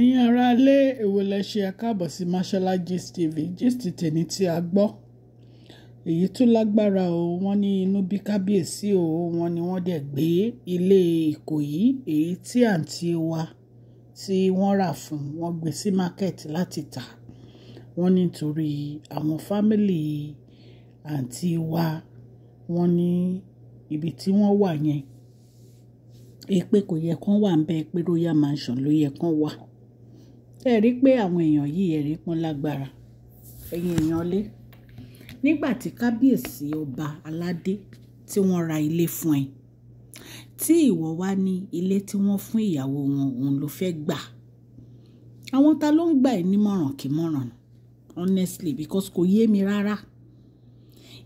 ẹ̀yin aráalé èwo lẹ ṣe ẹ káàbọ̀ sí Mashola Gist TV gist tèmi tí a gbọ́ èyí tó lágbára o wọ́n ní inú bí kábíyèsí o wọ́n ní wọ́n dẹ̀ gbé ilé Ìkòyí èyí tí àǹtí wa tí wọ́n rà fún wọ́n gbé sí market láti tà wọ́n nítorí àwọn fámìlì àǹtí wa wọ́n ní ibi tí wọ́n wà yẹn èpè kò yẹ kán wà ń bẹ́ẹ̀ pé royal mansion ló yẹ kán wà ẹ rí pé àwọn èèyàn yìí ẹ rí pọ́n lágbára ẹ̀yin èèyàn lé nígbà tí kábíyèsí ọba aládé tí wọ́n ra ilé fún ẹ tí ìwọ wá ní ilé tí wọ́n fún ìyàwó wọn òun ló fẹ́ gbà àwọn ta ló ń gbà ẹ́ nímọ̀ràn kí mọ̀ràn honestly because kò yé mi rárá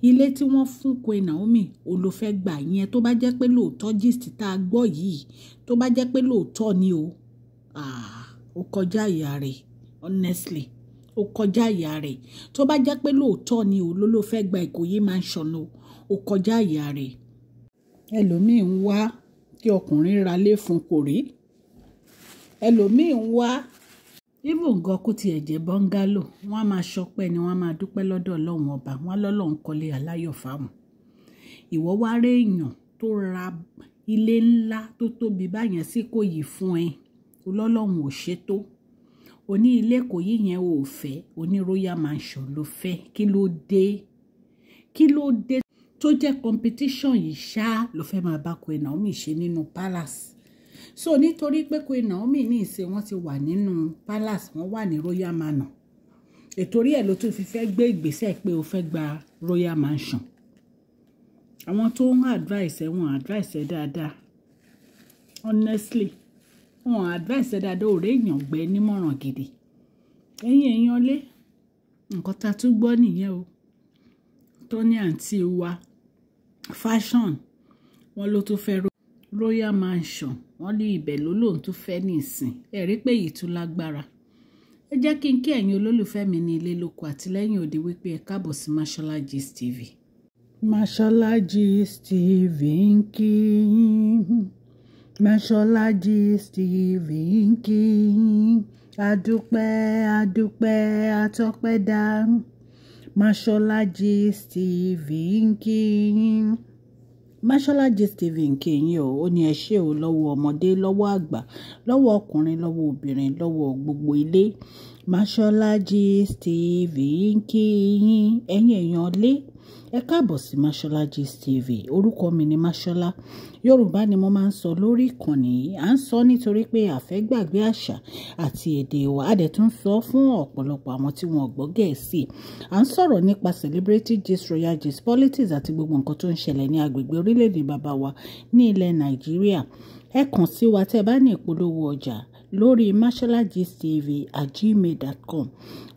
ilé tí wọ́n fún Queen Naomi òun ló fẹ́ gbà yẹn tó bá jẹ́ pé lóòótọ́ gist tá a gbọ́ yìí tó bá jẹ́ pé lóòótọ́ ni o ah ó kọjá àyà rẹ̀ honestly ó kọjá àyà rẹ̀ tó bá jẹ́ pé lóòótọ́ ni olólùfẹ́ gba ìkòyí máa ń ṣọ̀nà ó kọjá àyà rẹ̀ ẹlòmíì ń wá kí ọkùnrin ralé fún kò rí ẹlòmíì ń wá even gan kó tiẹ̀ jẹ́ bọ́ngálò wọ́n á máa ṣọpẹ́ ni wọ́n á máa dúpẹ́ lọ́dọ̀ ọlọ́run ọba wọ́n á lọ́lọ́run kọ́lé aláyọ̀ fáwọn ìwọ wá rí èèyàn tó ra ilé ńlá tó tóbi báyẹn sí kò yìí fún ẹ àsìkò lọ́lọ́run ò ṣe tó o ní ilé kò yí yẹn o ò fẹ́ o royal mansion ló fẹ́ kí ló dé kí ló dé tó jẹ́ competition yìí ṣá ló fẹ́ máa bá Queen Naomi ṣe nínú palace so nítorí pé Queen Naomi ní ìsìn wọ́n ti wà nínú palace wọ́n wà ní royal manor ètorí ẹ̀ ló tún fi fẹ́ gbé ìgbésẹ̀ pé o fẹ́ gba royal mansion àwọn tó ń advice ẹ̀ wọ́n advice ẹ̀ dáadáa honestly wọn advice dada dáadáa òré èèyàn gbẹ nímọ̀ràn gidi ẹ̀yin èèyàn lé nǹkan tá tún gbọ́ nìyẹn o tó ní àǹtí wa fashion wọn ló tún fẹ́ royal mansion wọn ní ibẹ̀ ló lóun tún fẹ́ nìsín ẹ pé èyí tún lágbára ẹ jẹ́ kí n kí ẹ̀yin olólùfẹ́ mi ní ilé lóko àtìlẹ́yìn òde wípé ẹ káàbọ̀ sí Mashola Gist TV. Mashola Gist TV ń kí yín. Mashola Gist TV King. kí yín adúpẹ́ adúpẹ́ atọ́pẹ́ dá Mashola Gist TV ń kí yín Mashola Gist TV ń kí yín o ó ní ẹ ṣé o lọ́wọ́ ọmọdé lọ́wọ́ àgbà lọ́wọ́ ọkùnrin lọ́wọ́ obìnrin lọ́wọ́ gbogbo ilé Mashola Gist TV ń kí èèyàn lé ẹ káàbọ̀ sí Mashola Gist TV orúkọ mi ni Mashola Yorùbá ni mo máa ń sọ lórí ìkànnì yìí à ń sọ nítorí pé àfẹ́gbàgbé àṣà àti èdè wa a tún sọ fún ọ̀pọ̀lọpọ̀ àwọn tí wọn gbọ́ gẹ̀ẹ́sì à ń sọ̀rọ̀ nípa celebrity gist royal gist politics àti gbogbo nǹkan tó ń ṣẹlẹ̀ ní agbègbè orílẹ̀-èdè bàbá wa ní ilẹ̀ Nàìjíríà ẹ kàn sí wa tẹ́ ẹ bá ní ìpolówó ọjà lórí masholagistv at gmail.com. dot com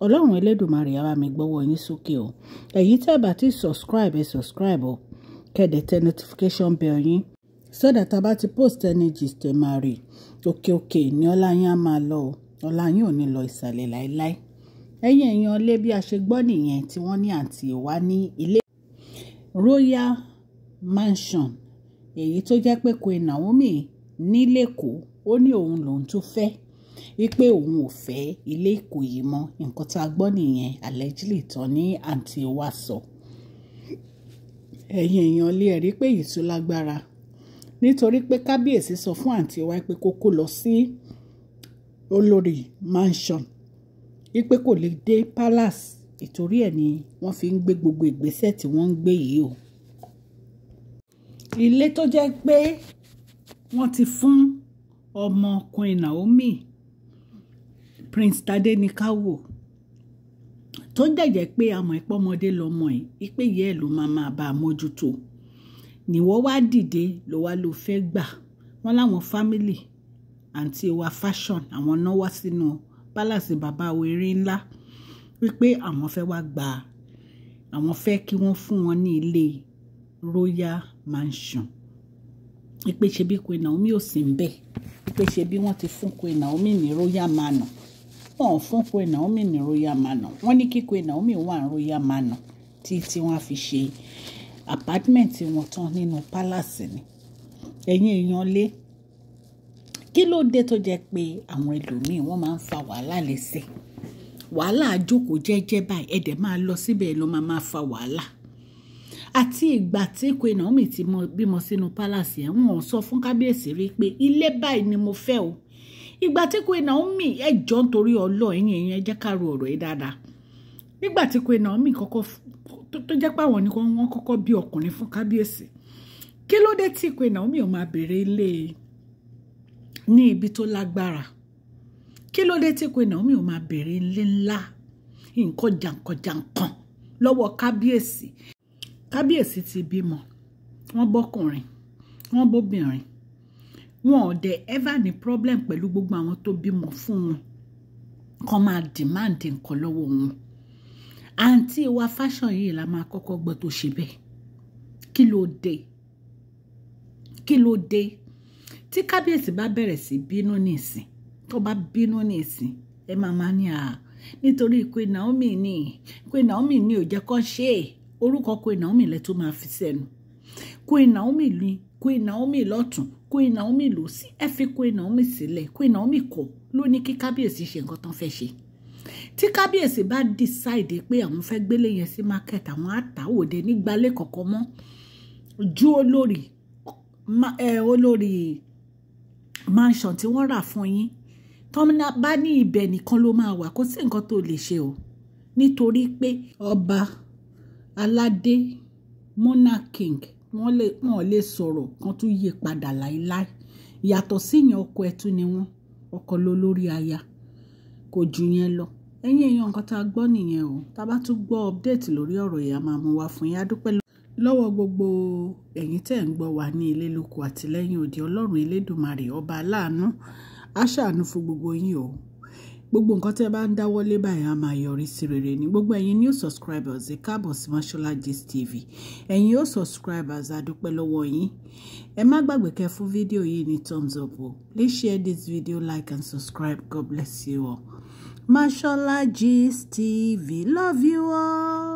ọlọ́run elédùnmarè á bá mi gbọ́wọ́ yín sókè o èyí tẹ́ bá ti subscribe ẹ subscribe o kẹ̀dẹ̀ tẹ notification bell yín sọ́dà tá a bá ti post ẹni gist ẹ máa rí òkè òkè ní ọlá yín á máa lọ o ọlá yín ò ní lọ ìsàlẹ̀ láéláé ẹ̀yìn ẹ̀yàn ọlẹ́ bí a ṣe gbọ́ nìyẹn tí wọ́n ní àǹtí wa ní ilé royal mansion èyí tó jẹ́ pé Queen Naomi ní l'Èkó ó ní òun lòun tó fẹ́ wípé òun ò fẹ́ ilé ìkòyí mọ́ nǹkan tá a gbọ́ nìyẹn allegedly tán ní àǹtí wa sọ ẹ̀yin èèyàn lè rí pé èyí tó lágbára nítorí pé kábíyèsí sọ fún àǹtí wa pé kó kó lọ sí olórí mansion wípé kò lè dé palace ìtorí ẹ̀ ni wọ́n fi ń gbé gbogbo ìgbésẹ̀ tí wọ́n ń gbé yìí o ilé tó jẹ́ pé wọ́n ti fún ọmọ Queen Naomi Prince Tade ní ká wò tó ń dẹ̀jẹ̀ pé àmọ́ ìpọ́mọdé lọmọ ẹ̀ ìpè yẹ́ ẹ̀ ló máa máa bá a mójútó nìwọ́ wá dìde ló wá ló fẹ́ gbà wọ́n láwọn fámìlì àǹtí wa fashion àwọn náà wá sínú pálàsì bàbá wẹ̀rẹ̀ ńlá wípé àwọn fẹ́ wá gbà àwọn fẹ́ kí wọ́n fún wọn ní ilé royal mansion ìpè ṣebí Queen Naomi ò sí ń bẹ́ẹ̀ pé ṣe bí wọ́n ti fún Queen Naomi ní royal manor wọ́n fún Queen Naomi ní royal manor wọ́n ní kí Queen Naomi wà ní royal manor tí tí wọ́n fi ṣe apartment wọn tán nínú palace ni ẹ̀yin èèyàn lé kí ló dé tó jẹ́ pé àwọn ẹlòmíín wọ́n máa ń fa wàhálà lẹ́sẹ̀ wàhálà àjókòó jẹ́jẹ́ báyìí ẹ̀dẹ̀ máa lọ síbẹ̀ ló máa máa fa wàhálà àti ìgbà tí Queen Naomi ti bímọ sínú palace ẹ̀ wọ́n sọ fún kábíyèsí rí pé ilé báyìí ni mo fẹ́ o ìgbà tí Queen Naomi ẹjọ́ nítorí ọlọ́ ẹ̀yìn ẹ̀yìn ẹ jẹ́ ká ro ọ̀rọ̀ yìí dáadáa nígbà tí Queen Naomi kọ́kọ́ tó jẹ́ pé àwọn nìkan wọ́n kọ́kọ́ bí ọkùnrin fún kábíyèsí kí ló dé tí Queen Naomi ò máa bèrè ilé ní ibi tó lágbára kí ló dé tí Queen Naomi ò máa bèrè ilé ńlá nǹkan jàǹkànjàǹkàn lọ́wọ́ kábíyèsí kábíyèsí ti bímọ wọ́n bọ́kùnrin wọ́n bóbìnrin wọn ò dé ever ní problem pẹ̀lú gbogbo àwọn tó bímọ fún wọn kàn máa demand nǹkan lọ́wọ́ wọn àǹtí wa fashion yìí la máa kọ́kọ́ gbọ́ tó ṣe bẹ́ẹ̀ kí ló dé kí ló dé tí kábíyèsí bá bẹ̀rẹ̀ sí bínú nìsín tó bá bínú nìsín ẹ máa máa ní à nítorí pé Naomi ní pé Naomi ní ò jẹ́ kó ṣe é orúkọ Queen Naomi lẹ tó máa fi sẹ́nu Queen Naomi ni Queen Naomi lọ́tún Queen Naomi lòsì ẹ fi Queen Naomi sílẹ̀ Queen Naomi kọ́ ló ní kí kábíyèsí ṣe nǹkan tán fẹ́ ṣe tí kábíyèsí bá decide pé àwọn fẹ́ gbélé yẹn sí market àwọn àtàwòde nígbàlẹ̀ kọ̀ọ̀kan mọ́ ju olórí ẹ olórí mansion tí wọ́n rà fún yín tọ́mínà bá ní ibẹ̀ nìkan ló máa wà kó sí nǹkan tó lè ṣe o nítorí pé ọba aládé monarch king wọ́n lè wọ́n lè sọ̀rọ̀ kan tún yí padà láéláé yàtọ̀ síyẹn ọkọ ẹ̀ tún ni wọ́n ọkọ ló lórí aya kò jù yẹn lọ ẹ̀yin èèyàn nǹkan tá a gbọ́ nìyẹn o tá a bá tún gbọ́ update lórí ọ̀rọ̀ yẹn a máa mú wa fún yín a dúpẹ́ lọ́wọ́ gbogbo ẹ̀yin tẹ́ ń gbọ́ wa ní ilé lóko òde ọlọ́run elédùnmarè ọba aláàánú aṣàánú fún gbogbo yín o gbogbo nǹkan tẹ́ bá ń dáwọ́ lé báyìí a máa yọrí sí rere ní gbogbo ẹ̀yin new subscribers ẹ káàbọ̀ sí Mashola Gist TV ẹ̀yin yóò subscribers adúpẹ́ lọ́wọ́ yín ẹ má gbàgbé kẹ́ fún fídíò yìí ní thumbs up o please share this video like and subscribe god bless you all Mashola Gist TV love you all.